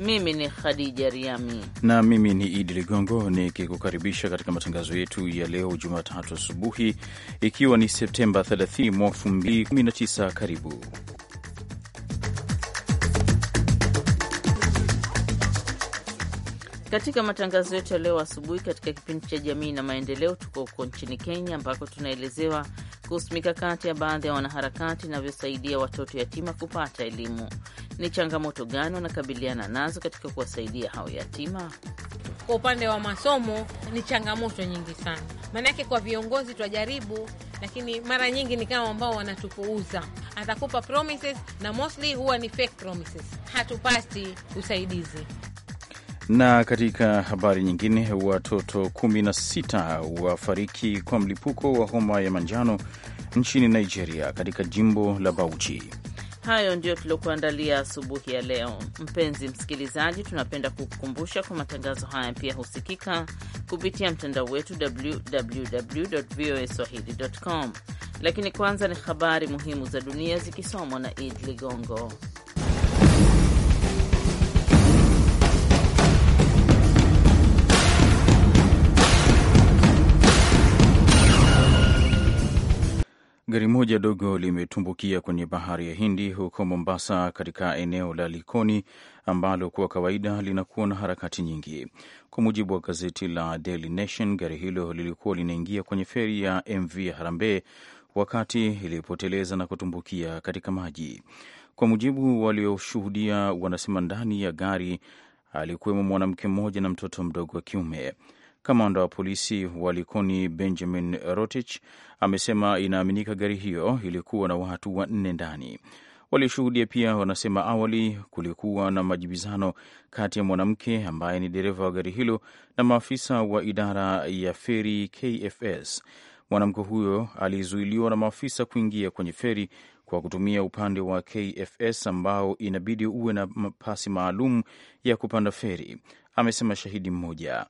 mimi ni Khadija Riami na mimi ni Idi Ligongo nikikukaribisha katika matangazo yetu ya leo Jumatatu asubuhi, ikiwa ni Septemba 30 mwaka 2019. Karibu Katika matangazo yetu ya leo asubuhi, katika kipindi cha jamii na maendeleo, tuko huko nchini Kenya ambako tunaelezewa kuhusu mikakati ya baadhi ya wanaharakati inavyosaidia watoto yatima kupata elimu. Ni changamoto gani wanakabiliana nazo katika kuwasaidia hao yatima? Kwa upande wa masomo ni changamoto nyingi sana, maanake kwa viongozi twajaribu, lakini mara nyingi ni kama ambao wanatupuuza. Atakupa promises na mostly huwa ni fake promises, hatupati usaidizi na katika habari nyingine, watoto 16 wafariki kwa mlipuko wa homa ya manjano nchini Nigeria, katika jimbo la Bauchi. Hayo ndiyo tuliokuandalia asubuhi ya leo. Mpenzi msikilizaji, tunapenda kukukumbusha kwa matangazo haya pia husikika kupitia mtandao wetu www voa swahili.com. Lakini kwanza ni habari muhimu za dunia zikisomwa na Id Ligongo. Gari moja dogo limetumbukia kwenye bahari ya Hindi huko Mombasa, katika eneo la Likoni ambalo kwa kawaida linakuwa na harakati nyingi. Kwa mujibu wa gazeti la Daily Nation, gari hilo lilikuwa linaingia kwenye feri ya MV Harambee wakati ilipoteleza na kutumbukia katika maji. Kwa mujibu walioshuhudia, wanasema ndani ya gari alikuwemo mwanamke mmoja na mtoto mdogo wa kiume. Kamanda wa polisi wa Likoni Benjamin Rotich amesema inaaminika gari hiyo ilikuwa na watu wanne ndani. Walioshuhudia pia wanasema awali kulikuwa na majibizano kati ya mwanamke ambaye ni dereva wa gari hilo na maafisa wa idara ya feri KFS. Mwanamke huyo alizuiliwa na maafisa kuingia kwenye feri kwa kutumia upande wa KFS ambao inabidi uwe na pasi maalum ya kupanda feri, amesema shahidi mmoja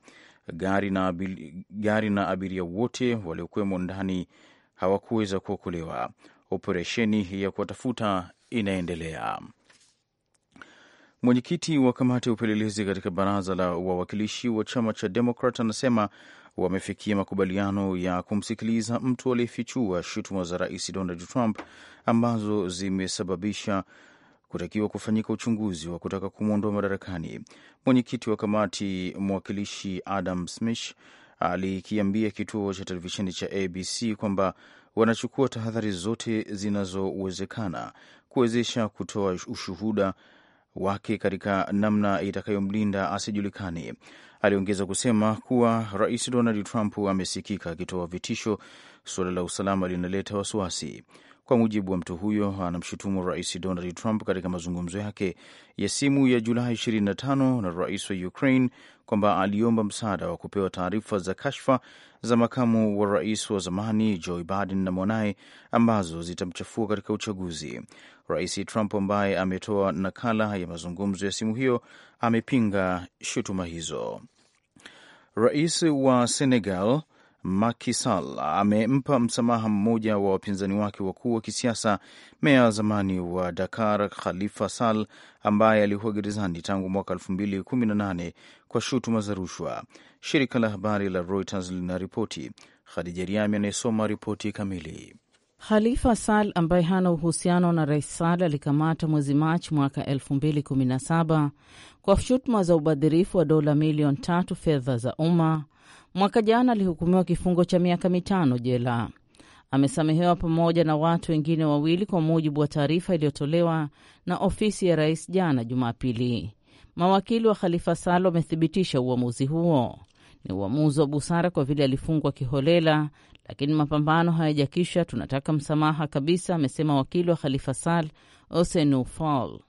gari na abiria, gari na abiria wote waliokuwemo ndani hawakuweza kuokolewa. Operesheni ya kuwatafuta inaendelea. Mwenyekiti wa kamati ya upelelezi katika baraza la wawakilishi wa chama cha Demokrat anasema wamefikia makubaliano ya kumsikiliza mtu aliyefichua shutuma za rais Donald Trump ambazo zimesababisha kutakiwa kufanyika uchunguzi wa kutaka kumwondoa madarakani. Mwenyekiti wa kamati mwakilishi Adam Smith alikiambia kituo cha televisheni cha ABC kwamba wanachukua tahadhari zote zinazowezekana kuwezesha kutoa ushuhuda wake katika namna itakayomlinda asijulikani Aliongeza kusema kuwa Rais Donald Trump amesikika akitoa vitisho, suala la usalama linaleta wasiwasi. Kwa mujibu wa mtu huyo, anamshutumu Rais Donald Trump katika mazungumzo yake ya simu ya Julai 25 na rais wa Ukraine kwamba aliomba msaada wa kupewa taarifa za kashfa za makamu wa rais wa zamani Joe Biden na mwanaye ambazo zitamchafua katika uchaguzi. Rais Trump ambaye ametoa nakala ya mazungumzo ya simu hiyo amepinga shutuma hizo. Rais wa Senegal makisal amempa msamaha mmoja wa wapinzani wake wakuu wa kisiasa, meya wa zamani wa Dakar Khalifa sal ambaye alikuwa gerezani tangu mwaka 2018 kwa shutuma za rushwa. Shirika la habari la Reuters linaripoti. Khadija Riami anayesoma ripoti kamili. Khalifa Sal ambaye hana uhusiano na Rais Sal alikamata mwezi Machi mwaka 2017 kwa shutuma za ubadhirifu wa dola milioni tatu fedha za umma Mwaka jana alihukumiwa kifungo cha miaka mitano jela. Amesamehewa pamoja na watu wengine wawili, kwa mujibu wa taarifa iliyotolewa na ofisi ya rais jana Jumapili. Mawakili wa Khalifa Sale wamethibitisha uamuzi huo ni uamuzi wa busara kwa vile alifungwa kiholela, lakini mapambano hayajakisha. Tunataka msamaha kabisa, amesema wakili wa Khalifa Sal Osenu Fall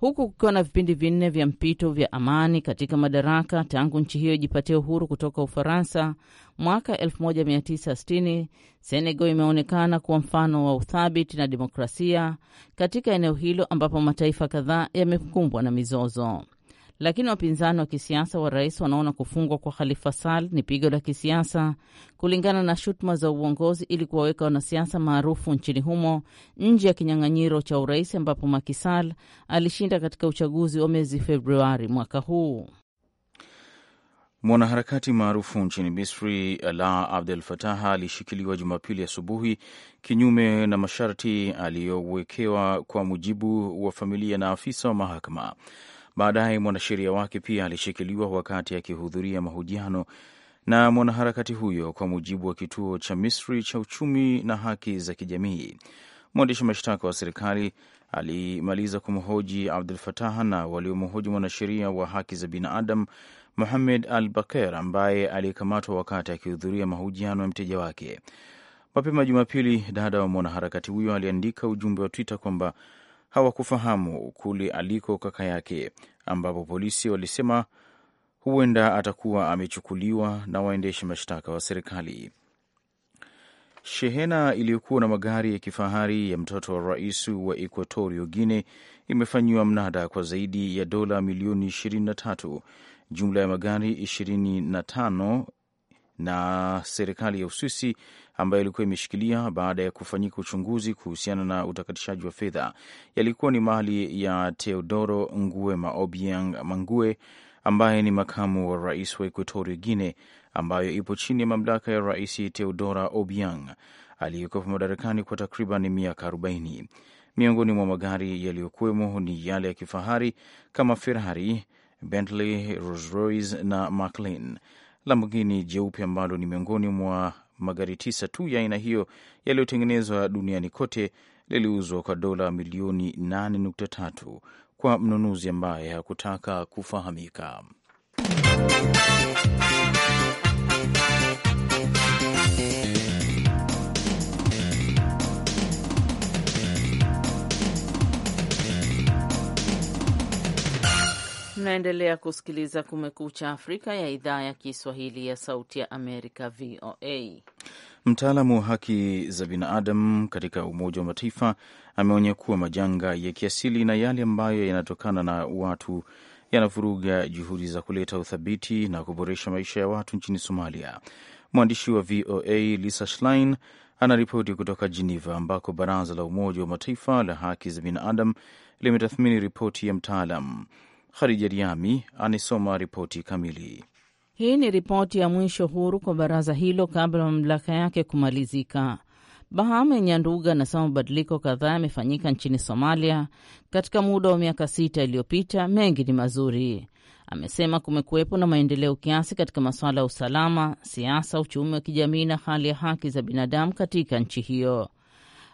huku kukiwa na vipindi vinne vya mpito vya amani katika madaraka tangu nchi hiyo ijipatia uhuru kutoka Ufaransa mwaka 1960. Senegal imeonekana kuwa mfano wa uthabiti na demokrasia katika eneo hilo ambapo mataifa kadhaa yamekumbwa na mizozo lakini wapinzani wa kisiasa wa rais wanaona kufungwa kwa Khalifa Sal ni pigo la kisiasa kulingana na shutuma za uongozi ili kuwaweka wanasiasa maarufu nchini humo nje ya kinyang'anyiro cha urais ambapo Makisal alishinda katika uchaguzi wa mwezi Februari mwaka huu. Mwanaharakati maarufu nchini Misri la Abdel Fattah alishikiliwa Jumapili asubuhi kinyume na masharti aliyowekewa, kwa mujibu wa familia na afisa wa mahakama. Baadaye mwanasheria wake pia alishikiliwa wakati akihudhuria mahojiano na mwanaharakati huyo, kwa mujibu wa kituo cha Misri cha uchumi na haki za kijamii. Mwandishi mashtaka wa serikali alimaliza kumhoji Abdul Fatah na waliomhoji mwanasheria wa haki za binadamu Muhamed Al Baker ambaye aliyekamatwa wakati akihudhuria mahojiano ya mteja wake. Mapema Jumapili, dada wa mwanaharakati huyo aliandika ujumbe wa Twitter kwamba hawakufahamu kule aliko kaka yake, ambapo polisi walisema huenda atakuwa amechukuliwa na waendesha mashtaka wa serikali. Shehena iliyokuwa na magari ya kifahari ya mtoto wa rais wa Equatorio Guine imefanyiwa mnada kwa zaidi ya dola milioni 23. Jumla ya magari tano na serikali ya Uswisi ambayo ilikuwa imeshikilia baada ya kufanyika uchunguzi kuhusiana na utakatishaji wa fedha yalikuwa ni mali ya Teodoro ngue maobiang Mangue ambaye ni makamu wa rais wa equatorio Guine ambayo ipo chini ya mamlaka ya Rais Teodora Obiang aliyekwepa madarakani kwa takriban miaka 40. Miongoni mwa magari yaliyokuwemo ni yale ya kifahari kama Ferrari, Bentley, Rolls Royce na McLaren Lamborghini jeupe ambalo ni miongoni mwa magari tisa tu ya aina hiyo yaliyotengenezwa duniani kote liliuzwa kwa dola milioni 8.3 kwa mnunuzi ambaye hakutaka kufahamika. Mnaendelea kusikiliza Kumekucha Afrika ya idhaa ya Kiswahili ya Sauti ya Amerika, VOA. Mtaalamu wa haki za binadamu katika Umoja wa Mataifa ameonya kuwa majanga ya kiasili na yale ambayo yanatokana na watu yanavuruga juhudi za kuleta uthabiti na kuboresha maisha ya watu nchini Somalia. Mwandishi wa VOA Lisa Schlein anaripoti kutoka Geneva, ambako Baraza la Umoja wa Mataifa la Haki za Binadamu limetathmini ripoti ya mtaalam Khadija Riami anaisoma ripoti kamili. Hii ni ripoti ya mwisho huru kwa baraza hilo kabla mamlaka yake kumalizika. Bahame Nyanduga anasema mabadiliko kadhaa yamefanyika nchini Somalia katika muda wa miaka sita iliyopita, mengi ni mazuri. Amesema kumekuwepo na maendeleo kiasi katika masuala ya usalama, siasa, uchumi wa kijamii na hali ya haki za binadamu katika nchi hiyo.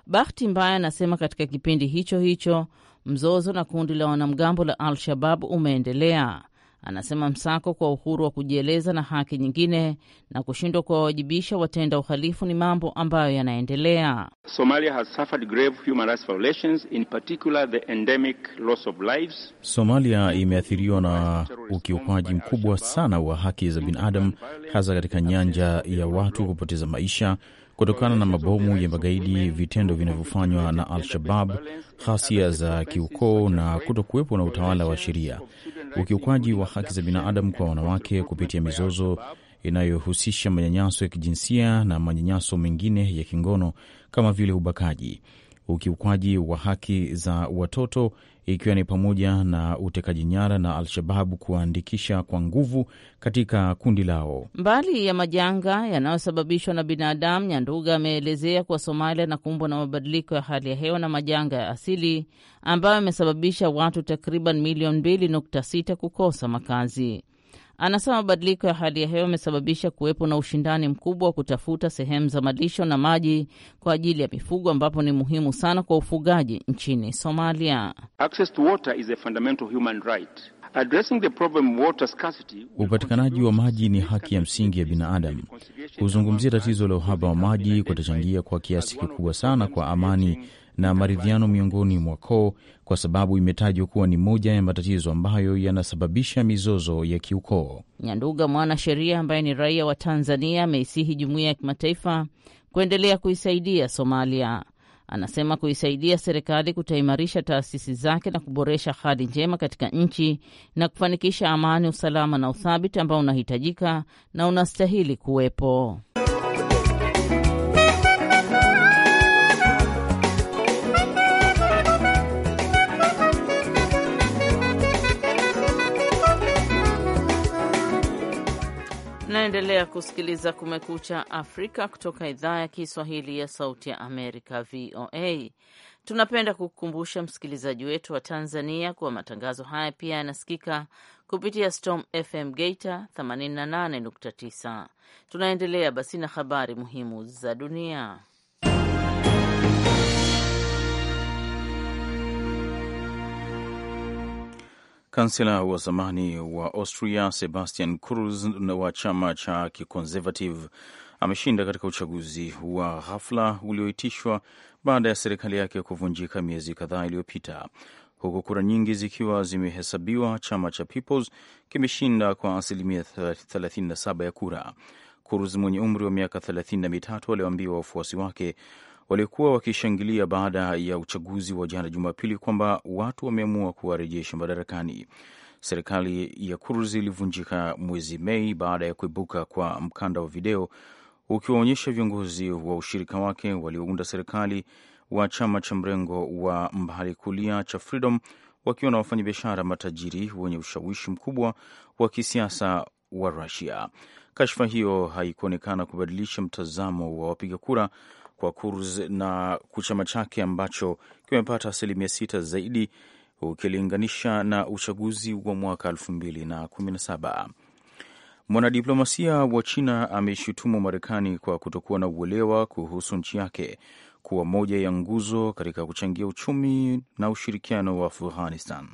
Bahati mbaya, anasema katika kipindi hicho hicho Mzozo na kundi la wanamgambo la Al-Shabab umeendelea. Anasema msako kwa uhuru wa kujieleza na haki nyingine na kushindwa kuwawajibisha watenda uhalifu ni mambo ambayo yanaendelea. Somalia imeathiriwa na ukiukwaji mkubwa sana wa haki za binadamu, hasa katika nyanja ya watu kupoteza maisha, kutokana na mabomu ya magaidi, vitendo vinavyofanywa na Al-Shabab, ghasia za kiukoo na kutokuwepo na utawala wa sheria, ukiukwaji wa haki za binadamu kwa wanawake kupitia mizozo inayohusisha manyanyaso ya kijinsia na manyanyaso mengine ya kingono kama vile ubakaji, ukiukwaji wa haki za watoto ikiwa ni pamoja na utekaji nyara na Al-Shababu kuwaandikisha kwa nguvu katika kundi lao. Mbali ya majanga yanayosababishwa na binadamu, Nyanduga ameelezea kuwa Somalia na na mabadiliko ya hali ya hewa na majanga ya asili ambayo yamesababisha watu takriban milioni 2.6 kukosa makazi. Anasema mabadiliko ya hali ya hewa yamesababisha kuwepo na ushindani mkubwa wa kutafuta sehemu za malisho na maji kwa ajili ya mifugo, ambapo ni muhimu sana kwa ufugaji nchini Somalia. Access to water is a fundamental human right. Upatikanaji wa maji ni haki ya msingi ya binadamu. Kuzungumzia tatizo la uhaba wa maji kutachangia kwa kiasi kikubwa sana kwa amani na maridhiano miongoni mwa koo, kwa sababu imetajwa kuwa ni moja ya matatizo ambayo yanasababisha mizozo ya kiukoo. Nyanduga, mwanasheria ambaye ni raia wa Tanzania, ameisihi jumuiya ya kimataifa kuendelea kuisaidia Somalia. Anasema kuisaidia serikali kutaimarisha taasisi zake na kuboresha hali njema katika nchi na kufanikisha amani, usalama na uthabiti ambao unahitajika na unastahili kuwepo. Unaendelea kusikiliza Kumekucha Afrika kutoka idhaa ya Kiswahili ya Sauti ya Amerika, VOA. Tunapenda kukukumbusha msikilizaji wetu wa Tanzania kuwa matangazo haya pia yanasikika kupitia Storm FM Geita 88.9. Tunaendelea basi na habari muhimu za dunia. Kansela wa zamani wa Austria Sebastian Kurz wa chama cha kiconservative ameshinda katika uchaguzi wa ghafla ulioitishwa baada ya serikali yake kuvunjika miezi kadhaa iliyopita. Huku kura nyingi zikiwa zimehesabiwa, chama cha Peoples kimeshinda kwa asilimia 37 ya kura. Kurz mwenye umri wa miaka 33 aliwaambia wafuasi wake walikuwa wakishangilia baada ya uchaguzi wa jana Jumapili kwamba watu wameamua kuwarejesha madarakani. Serikali ya Kurz ilivunjika mwezi Mei baada ya kuibuka kwa mkanda wa video ukiwaonyesha viongozi wa ushirika wake waliounda serikali wa chama cha mrengo wa mbali kulia cha Freedom wakiwa na wafanyabiashara matajiri wenye ushawishi mkubwa wa kisiasa wa Rusia. Kashfa hiyo haikuonekana kubadilisha mtazamo wa wapiga kura kwa Kurz na chama chake ambacho kimepata asilimia sita zaidi ukilinganisha na uchaguzi wa mwaka 2017. Mwanadiplomasia wa China ameshutumu Marekani kwa kutokuwa na uelewa kuhusu nchi yake kuwa moja ya nguzo katika kuchangia uchumi na ushirikiano wa Afghanistan.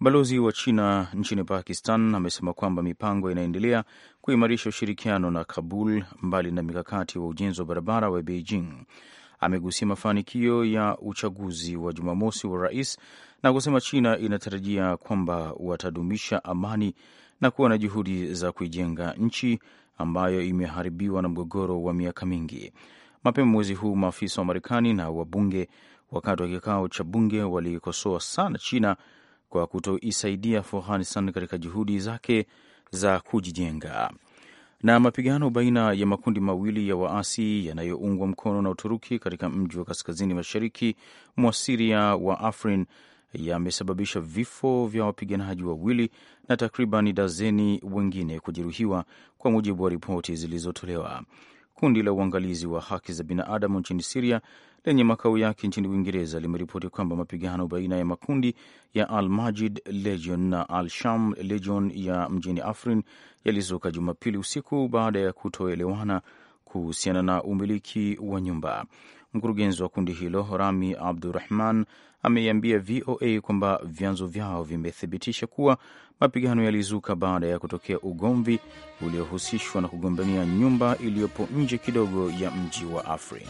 Balozi wa China nchini Pakistan amesema kwamba mipango inaendelea kuimarisha ushirikiano na Kabul mbali na mikakati wa ujenzi wa barabara wa Beijing. Amegusia mafanikio ya uchaguzi wa Jumamosi wa rais na kusema China inatarajia kwamba watadumisha amani na kuwa na juhudi za kuijenga nchi ambayo imeharibiwa na mgogoro wa miaka mingi. Mapema mwezi huu maafisa wa Marekani na wabunge wakati wa kikao cha bunge walikosoa sana China kwa kutoisaidia Afghanistan katika juhudi zake za kujijenga. Na mapigano baina ya makundi mawili ya waasi yanayoungwa mkono na Uturuki katika mji wa kaskazini mashariki mwa Siria wa Afrin yamesababisha vifo vya wapiganaji wawili na takriban dazeni wengine kujeruhiwa, kwa mujibu wa ripoti zilizotolewa. Kundi la uangalizi wa haki za binadamu nchini Siria lenye makao yake nchini Uingereza limeripoti kwamba mapigano baina ya makundi ya Al Majid Legion na Al Sham Legion ya mjini Afrin yalizuka Jumapili usiku baada ya kutoelewana kuhusiana na umiliki wa nyumba. Mkurugenzi wa kundi hilo Rami Abdurahman ameiambia VOA kwamba vyanzo vyao vimethibitisha kuwa mapigano yalizuka baada ya kutokea ugomvi uliohusishwa na kugombania nyumba iliyopo nje kidogo ya mji wa Afrin.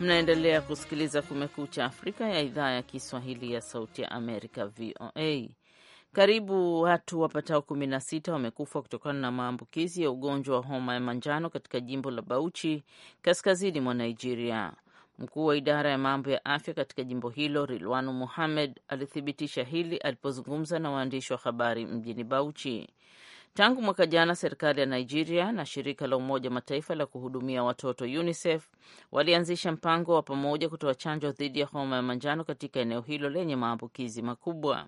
Mnaendelea kusikiliza Kumekucha Afrika ya idhaa ya Kiswahili ya Sauti ya Amerika, VOA. Karibu watu wapatao kumi na sita wamekufa kutokana na maambukizi ya ugonjwa wa homa ya manjano katika jimbo la Bauchi kaskazini mwa Nigeria. Mkuu wa idara ya mambo ya afya katika jimbo hilo Rilwanu muhamed alithibitisha hili alipozungumza na waandishi wa habari mjini Bauchi. Tangu mwaka jana, serikali ya Nigeria na shirika la Umoja Mataifa la kuhudumia watoto UNICEF walianzisha mpango wa pamoja kutoa chanjo dhidi ya homa ya manjano katika eneo hilo lenye maambukizi makubwa.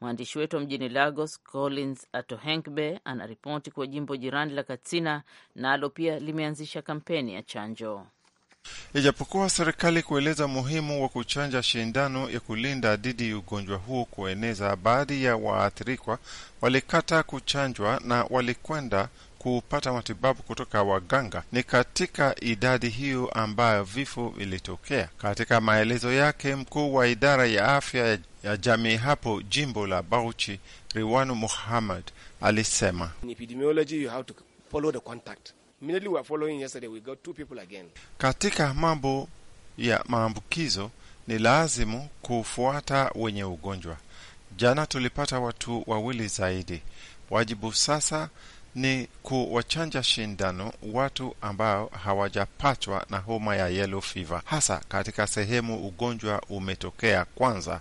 Mwandishi wetu wa mjini Lagos, Collins Atohenkbe, anaripoti kuwa jimbo jirani la Katsina nalo na pia limeanzisha kampeni ya chanjo. Ijapokuwa serikali kueleza muhimu wa kuchanja shindano ya kulinda dhidi ya ugonjwa huo kueneza, baadhi ya waathirikwa walikata kuchanjwa na walikwenda kupata matibabu kutoka waganga. Ni katika idadi hiyo ambayo vifo vilitokea. Katika maelezo yake, mkuu wa idara ya afya ya jamii hapo jimbo la Bauchi, Riwanu Muhammad, alisema katika mambo ya maambukizo ni lazimu kufuata wenye ugonjwa. Jana tulipata watu wawili zaidi. Wajibu sasa ni kuwachanja shindano watu ambao hawajapatwa na homa ya yellow fever, hasa katika sehemu ugonjwa umetokea kwanza.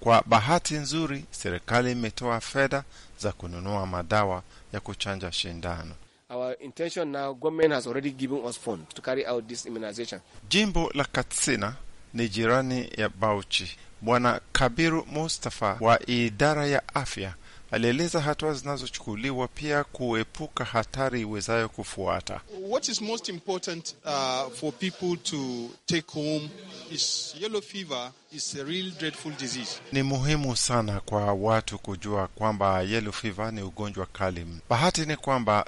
Kwa bahati nzuri, serikali imetoa fedha za kununua madawa ya kuchanja shindano. Our intention now, government has already given us to carry out this immunization. Jimbo la Katsina ni jirani ya Bauchi. Bwana Kabiru Mustafa wa idara ya afya Alieleza hatua zinazochukuliwa pia kuepuka hatari iwezayo kufuata. What is most important uh, for people to take home is yellow fever is a real dreadful disease. Ni muhimu sana kwa watu kujua kwamba yellow fever ni ugonjwa kali. Bahati ni kwamba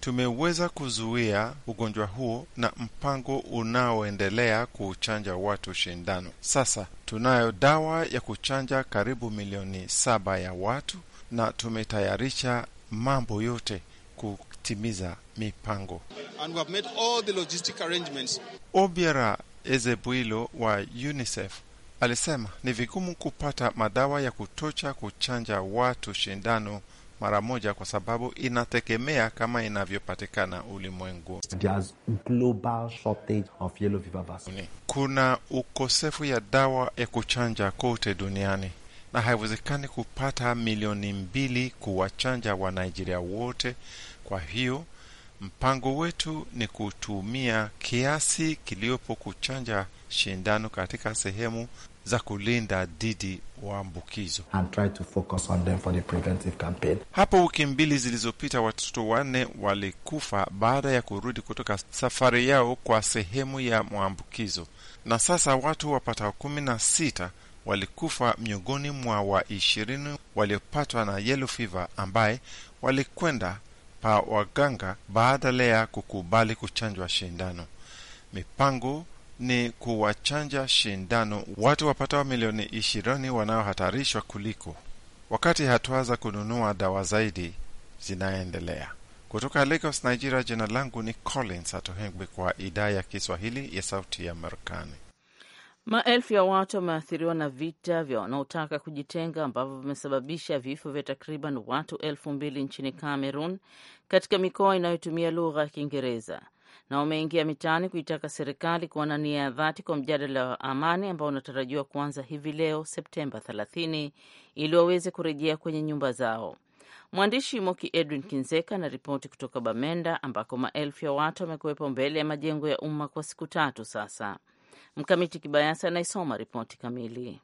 tumeweza kuzuia ugonjwa huo na mpango unaoendelea kuchanja watu shindano. Sasa tunayo dawa ya kuchanja karibu milioni saba ya watu na tumetayarisha mambo yote kutimiza mipango. And we have made all the logistic arrangements. Obiara Ezebuilo wa UNICEF alisema ni vigumu kupata madawa ya kutosha kuchanja watu shindano mara moja kwa sababu inategemea kama inavyopatikana ulimwengu. Kuna ukosefu ya dawa ya kuchanja kote duniani na haiwezekani kupata milioni mbili kuwachanja wa Nigeria wote. Kwa hiyo mpango wetu ni kutumia kiasi kiliopo kuchanja shindano katika sehemu za kulinda dhidi waambukizo. Hapo wiki mbili zilizopita, watoto wanne walikufa baada ya kurudi kutoka safari yao kwa sehemu ya mwambukizo na sasa watu wapata kumi na sita walikufa miongoni mwa wa ishirini waliopatwa na yelo fiva ambaye walikwenda pa waganga baada ya kukubali kuchanjwa shindano. Mipango ni kuwachanja shindano watu wapatao milioni ishirini wanaohatarishwa kuliko, wakati hatua za kununua dawa zaidi zinaendelea. Kutoka Lagos, Nigeria, jina langu ni Collins Atohengwi kwa idaa ya Kiswahili ya Sauti ya Marekani. Maelfu ya watu wameathiriwa na vita vya wanaotaka kujitenga ambavyo vimesababisha vifo vya takriban watu elfu mbili nchini Cameroon katika mikoa inayotumia lugha ya Kiingereza na wameingia mitaani kuitaka serikali kuwa na nia ya dhati kwa mjadala wa amani ambao unatarajiwa kuanza hivi leo Septemba 30 ili waweze kurejea kwenye nyumba zao. Mwandishi Moki Edwin Kinzeka anaripoti kutoka Bamenda ambako maelfu ya watu wamekuwepo mbele ya majengo ya umma kwa siku tatu sasa. Mkamiti Kibayasi anaisoma ripoti kamili.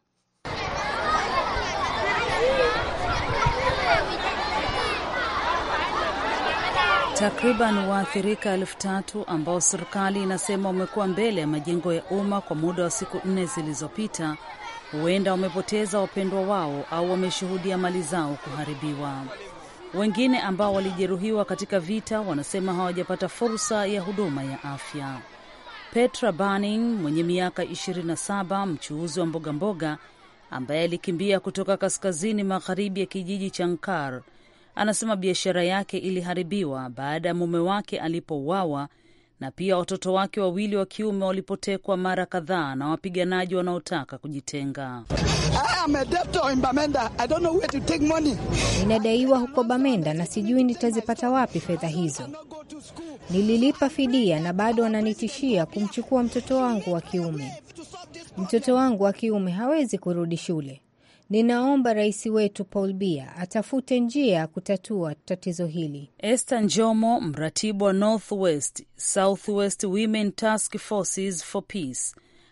Takriban waathirika elfu tatu ambao serikali inasema wamekuwa mbele ya majengo ya umma kwa muda wa siku nne zilizopita huenda wamepoteza wapendwa wao au wameshuhudia mali zao kuharibiwa. Wengine ambao walijeruhiwa katika vita wanasema hawajapata fursa ya huduma ya afya. Petra Banning mwenye miaka 27, mchuuzi wa mbogamboga ambaye alikimbia kutoka kaskazini magharibi ya kijiji cha Nkar, anasema biashara yake iliharibiwa baada ya mume wake alipouawa na pia watoto wake wawili wa kiume walipotekwa mara kadhaa na wapiganaji wanaotaka kujitenga. Ninadaiwa huko Bamenda na sijui nitazipata wapi fedha hizo. Nililipa fidia na bado wananitishia kumchukua mtoto wangu wa kiume. Mtoto wangu wa kiume hawezi kurudi shule. Ninaomba rais wetu Paul Bia atafute njia ya kutatua tatizo hili. Esther Njomo, mratibu wa Northwest Southwest Women Task Forces for Peace,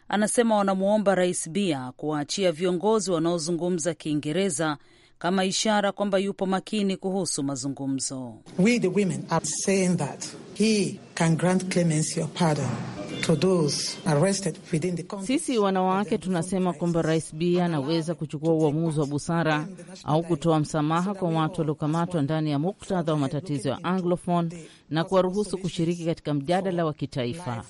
anasema wanamwomba Rais Bia kuwaachia viongozi wanaozungumza Kiingereza kama ishara kwamba yupo makini kuhusu mazungumzo. We the women are saying that he can grant clemency or pardon. To those arrested within the sisi wanawake tunasema kwamba Rais B anaweza kuchukua uamuzi wa busara au kutoa msamaha kwa watu waliokamatwa ndani ya muktadha wa matatizo ya Anglophone na kuwaruhusu kushiriki katika mjadala wa kitaifa.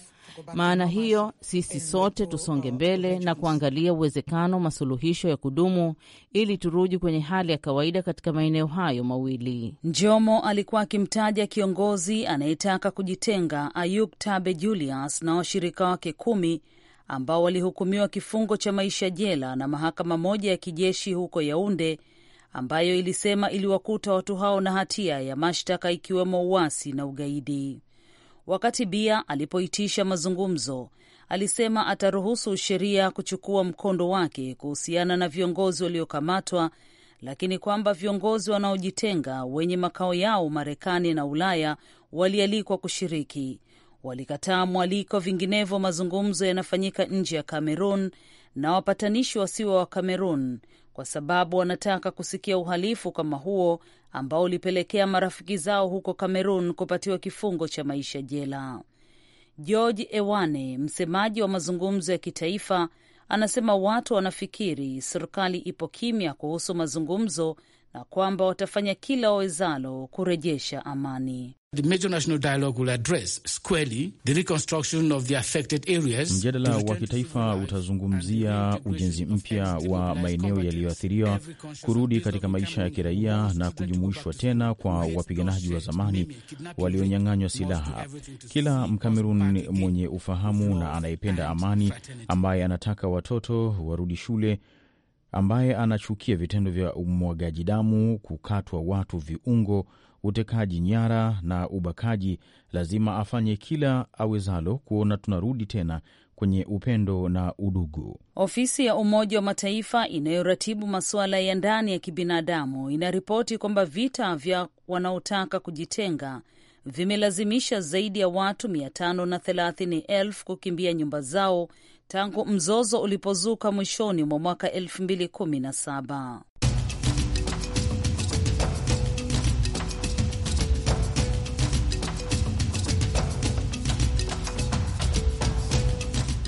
Maana hiyo sisi sote tusonge mbele na kuangalia uwezekano wa masuluhisho ya kudumu ili turudi kwenye hali ya kawaida katika maeneo hayo mawili. Njomo alikuwa akimtaja kiongozi anayetaka kujitenga Ayub Tabe Julius na washirika wake kumi ambao walihukumiwa kifungo cha maisha jela na mahakama moja ya kijeshi huko Yaunde ambayo ilisema iliwakuta watu hao na hatia ya mashtaka ikiwemo uasi na ugaidi. Wakati Bia alipoitisha mazungumzo, alisema ataruhusu sheria kuchukua mkondo wake kuhusiana na viongozi waliokamatwa, lakini kwamba viongozi wanaojitenga wenye makao yao Marekani na Ulaya walialikwa kushiriki. Walikataa mwaliko, vinginevyo mazungumzo yanafanyika nje ya Kamerun na wapatanishi wasiwa wa Kamerun kwa sababu wanataka kusikia uhalifu kama huo ambao ulipelekea marafiki zao huko Kamerun kupatiwa kifungo cha maisha jela. George Ewane, msemaji wa mazungumzo ya kitaifa, anasema watu wanafikiri serikali ipo kimya kuhusu mazungumzo na kwamba watafanya kila wawezalo kurejesha amani. Mjadala wa kitaifa utazungumzia ujenzi mpya wa maeneo yaliyoathiriwa, kurudi katika maisha ya kiraia na kujumuishwa tena kwa wapiganaji wa zamani walionyang'anywa silaha. Kila Mkamerun mwenye ufahamu na anayependa amani, ambaye anataka watoto warudi shule ambaye anachukia vitendo vya umwagaji damu, kukatwa watu viungo, utekaji nyara na ubakaji, lazima afanye kila awezalo kuona tunarudi tena kwenye upendo na udugu. Ofisi ya Umoja wa Mataifa inayoratibu masuala ya ndani ya kibinadamu inaripoti kwamba vita vya wanaotaka kujitenga vimelazimisha zaidi ya watu 530,000 kukimbia nyumba zao tangu mzozo ulipozuka mwishoni mwa mwaka saba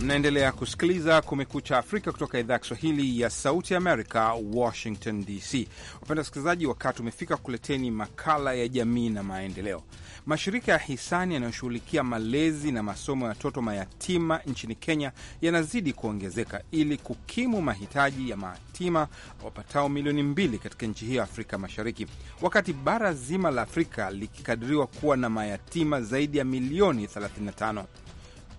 Mnaendelea kusikiliza Kumekucha Afrika kutoka idhaa ya Kiswahili ya Sauti ya Amerika, Washington DC. Wapenda wasikilizaji, wakati umefika kuleteni makala ya jamii na maendeleo. Mashirika ya hisani yanayoshughulikia malezi na masomo ya watoto mayatima nchini Kenya yanazidi kuongezeka ili kukimu mahitaji ya mayatima wapatao milioni mbili katika nchi hiyo ya Afrika Mashariki, wakati bara zima la Afrika likikadiriwa kuwa na mayatima zaidi ya milioni 35.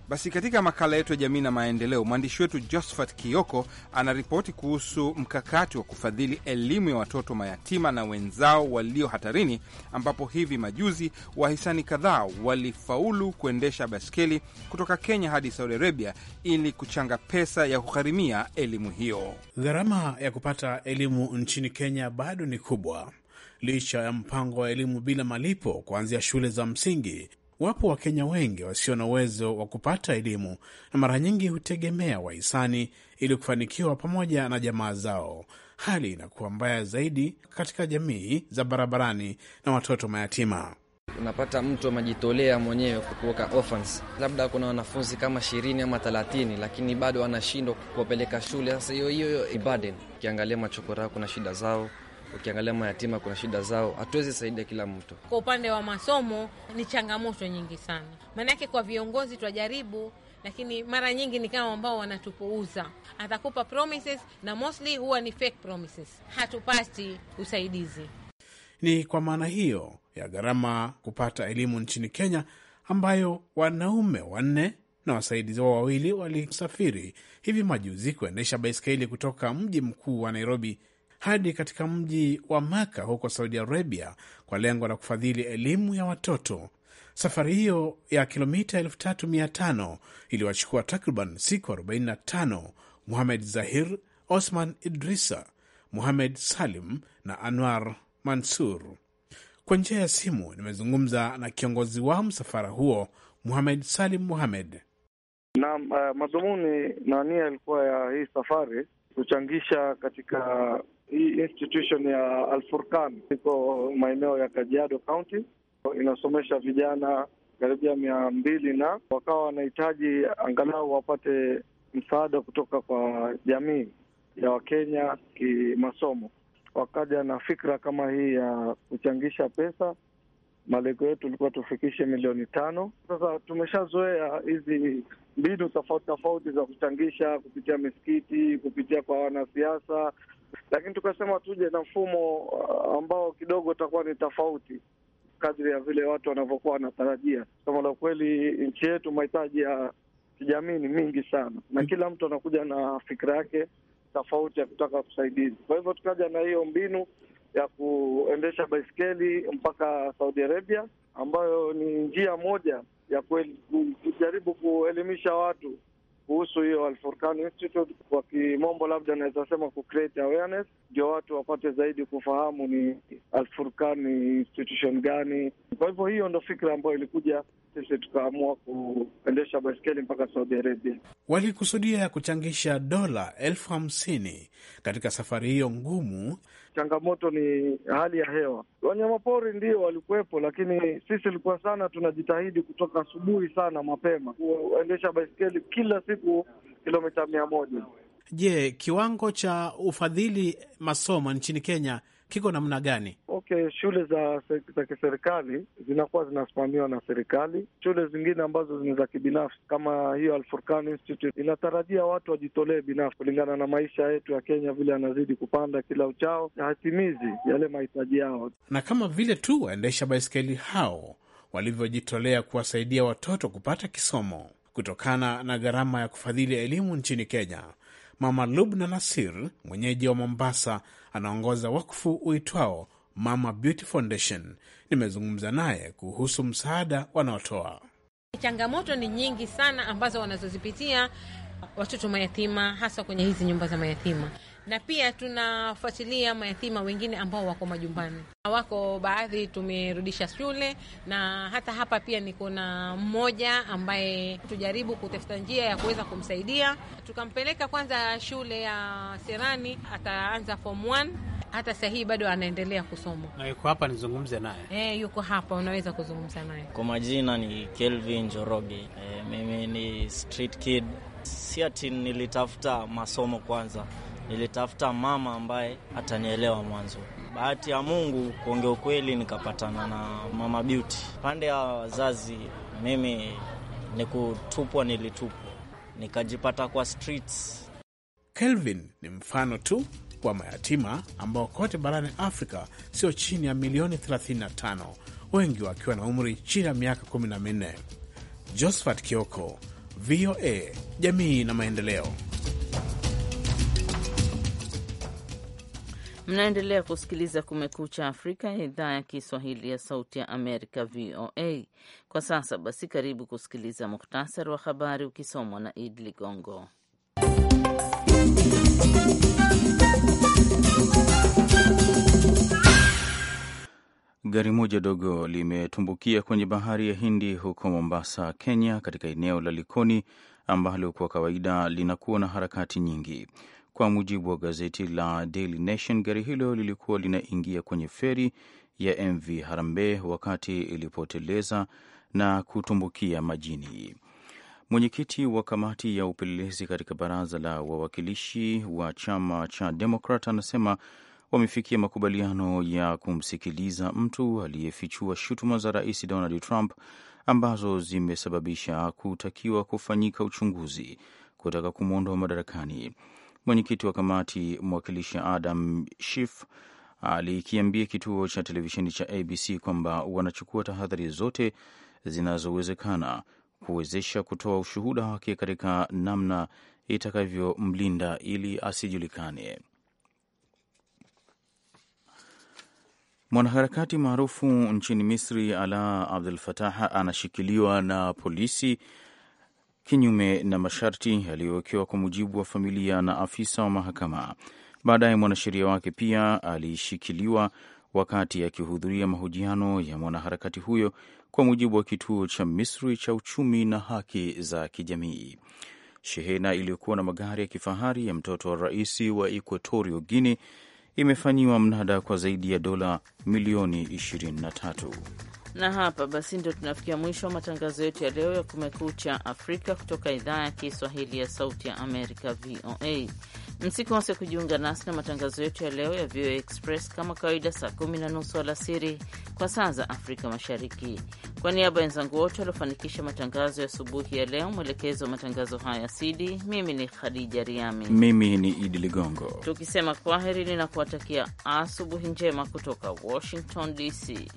Basi katika makala yetu ya jamii na maendeleo, mwandishi wetu josphat Kioko anaripoti kuhusu mkakati wa kufadhili elimu ya watoto mayatima na wenzao walio hatarini, ambapo hivi majuzi wahisani kadhaa walifaulu kuendesha baskeli kutoka Kenya hadi Saudi Arabia ili kuchanga pesa ya kugharimia elimu hiyo. Gharama ya kupata elimu nchini Kenya bado ni kubwa licha ya mpango wa elimu bila malipo kuanzia shule za msingi Wapo Wakenya wengi wasio na uwezo wa kupata elimu na mara nyingi hutegemea wahisani ili kufanikiwa pamoja na jamaa zao. Hali inakuwa mbaya zaidi katika jamii za barabarani na watoto mayatima. Unapata mtu amejitolea mwenyewe kuweka orphans, labda kuna wanafunzi kama ishirini ama thelathini, lakini bado anashindwa kuwapeleka shule. Sasa hiyo hiyo ibadeni, ukiangalia machokora, kuna shida zao ukiangalia mayatima kuna shida zao, hatuwezi saidia kila mtu. Kwa upande wa masomo ni changamoto nyingi sana, maanake kwa viongozi twajaribu lakini mara nyingi ni kama ambao wanatupuuza. Atakupa promises na mostly huwa ni fake promises, hatupati usaidizi. Ni kwa maana hiyo ya gharama kupata elimu nchini Kenya, ambayo wanaume wanne na wasaidizi wao wawili walisafiri hivi majuzi kuendesha baiskeli kutoka mji mkuu wa Nairobi hadi katika mji wa Maka huko Saudi Arabia kwa lengo la kufadhili elimu ya watoto. Safari hiyo ya kilomita 3500 iliwachukua takriban siku 45 Muhamed Zahir, Osman Idrisa, Muhamed Salim na Anwar Mansur. Kwa njia ya simu nimezungumza na kiongozi wa msafara huo Muhamed Salim Muhamed. Na uh, eh, madhumuni na nia yalikuwa ya hii safari kuchangisha katika hii institution ya Alfurkan iko maeneo ya Kajiado County, inasomesha vijana karibia mia mbili na wakawa wanahitaji angalau wapate msaada kutoka kwa jamii ya Wakenya kimasomo. Wakaja na fikra kama hii ya kuchangisha pesa. Malengo yetu ilikuwa tufikishe milioni tano. Sasa tumeshazoea hizi mbinu tofauti tofauti za kuchangisha kupitia misikiti, kupitia kwa wanasiasa, lakini tukasema tuje na mfumo uh, ambao kidogo utakuwa ni tofauti kadri ya vile watu wanavyokuwa wanatarajia. Kusema la ukweli nchi yetu mahitaji ya kijamii ni mingi sana, na kila mtu anakuja na fikira yake tofauti ya kutaka kusaidizi. Kwa hivyo tukaja na hiyo mbinu ya kuendesha baiskeli mpaka Saudi Arabia, ambayo ni njia moja ya kujaribu kuelimisha watu kuhusu hiyo Alfurkan Institute, kwa kimombo labda naweza sema ku create awareness, ndio watu wapate zaidi kufahamu ni Alfurkan institution gani. Kwa hivyo hiyo ndo fikira ambayo ilikuja sisi tukaamua kuendesha baiskeli mpaka Saudi Arabia. Walikusudia kuchangisha dola elfu hamsini katika safari hiyo ngumu. Changamoto ni hali ya hewa. Wanyamapori ndio walikuwepo, lakini sisi tulikuwa sana tunajitahidi kutoka asubuhi sana mapema kuendesha baiskeli kila siku kilomita mia moja. Je, kiwango cha ufadhili masomo nchini Kenya kiko namna gani? Okay, shule za za kiserikali zinakuwa zinasimamiwa na serikali. Shule zingine ambazo ni za kibinafsi kama hiyo Institute inatarajia watu wajitolee binafsi, kulingana na maisha yetu ya Kenya vile yanazidi kupanda kila uchao, na hatimizi yale mahitaji yao, na kama vile tu waendesha baiskeli hao walivyojitolea kuwasaidia watoto kupata kisomo kutokana na gharama ya kufadhili elimu nchini Kenya. Mama Lubna Nasir, mwenyeji wa Mombasa, anaongoza wakfu uitwao Mama Beauty Foundation. Nimezungumza naye kuhusu msaada wanaotoa. Changamoto ni nyingi sana ambazo wanazozipitia watoto mayatima, hasa kwenye hizi nyumba za mayatima na pia tunafuatilia mayatima wengine ambao wako majumbani. Wako baadhi tumerudisha shule, na hata hapa pia niko na mmoja ambaye tujaribu kutafuta njia ya kuweza kumsaidia. Tukampeleka kwanza shule ya Serani, ataanza form 1 hata sasa hii bado anaendelea kusoma na yuko hapa, nizungumze naye E, yuko hapa, unaweza kuzungumza naye. Kwa majina ni Kelvin Njoroge. E, mimi ni street kid, nilitafuta masomo kwanza nilitafuta mama ambaye atanielewa mwanzo. Bahati ya Mungu, kuongea ukweli, nikapatana na mama Beauty. Pande ya wazazi, mimi ni kutupwa, nilitupwa nikajipata kwa streets. Kelvin ni mfano tu wa mayatima ambao kote barani Afrika sio chini ya milioni 35, wengi wakiwa na umri chini ya miaka 14. Josephat Kioko, VOA, Jamii na Maendeleo. Mnaendelea kusikiliza Kumekucha Afrika ya idhaa ya Kiswahili ya Sauti ya Amerika, VOA. Kwa sasa basi, karibu kusikiliza muhtasari wa habari ukisomwa na id Ligongo. Gari moja dogo limetumbukia kwenye bahari ya Hindi huko Mombasa, Kenya, katika eneo la Likoni ambalo kwa kawaida linakuwa na harakati nyingi. Kwa mujibu wa gazeti la Daily Nation, gari hilo lilikuwa linaingia kwenye feri ya MV Harambee wakati ilipoteleza na kutumbukia majini. Mwenyekiti wa kamati ya upelelezi katika baraza la wawakilishi wa chama cha Demokrat anasema wamefikia makubaliano ya kumsikiliza mtu aliyefichua shutuma za Rais Donald Trump ambazo zimesababisha kutakiwa kufanyika uchunguzi kutaka kumwondoa madarakani. Mwenyekiti wa kamati mwakilishi Adam Schiff alikiambia kituo cha televisheni cha ABC kwamba wanachukua tahadhari zote zinazowezekana kuwezesha kutoa ushuhuda wake katika namna itakavyomlinda ili asijulikane. Mwanaharakati maarufu nchini Misri Ala Abdul Fatah anashikiliwa na polisi kinyume na masharti yaliyowekewa kwa mujibu wa familia na afisa wa mahakama. Baadaye mwanasheria wake pia alishikiliwa wakati akihudhuria mahojiano ya mwanaharakati huyo, kwa mujibu wa kituo cha Misri cha uchumi na haki za kijamii. Shehena iliyokuwa na magari ya kifahari ya mtoto wa rais wa Equatorio guine imefanyiwa mnada kwa zaidi ya dola milioni 23. Na hapa basi ndio tunafikia mwisho wa matangazo yetu ya leo ya Kumekucha Afrika kutoka idhaa ya Kiswahili ya Sauti ya Amerika, VOA. Msikose kujiunga nasi na matangazo yetu ya leo ya VOA Express kama kawaida, saa kumi na nusu alasiri kwa saa za Afrika Mashariki. Kwa niaba ya wenzangu wote waliofanikisha matangazo ya asubuhi ya leo, mwelekezo wa matangazo haya sidi, mimi ni Khadija Riami, mimi ni Idi Ligongo, tukisema kwaheri na kuwatakia asubuhi njema kutoka Washington DC.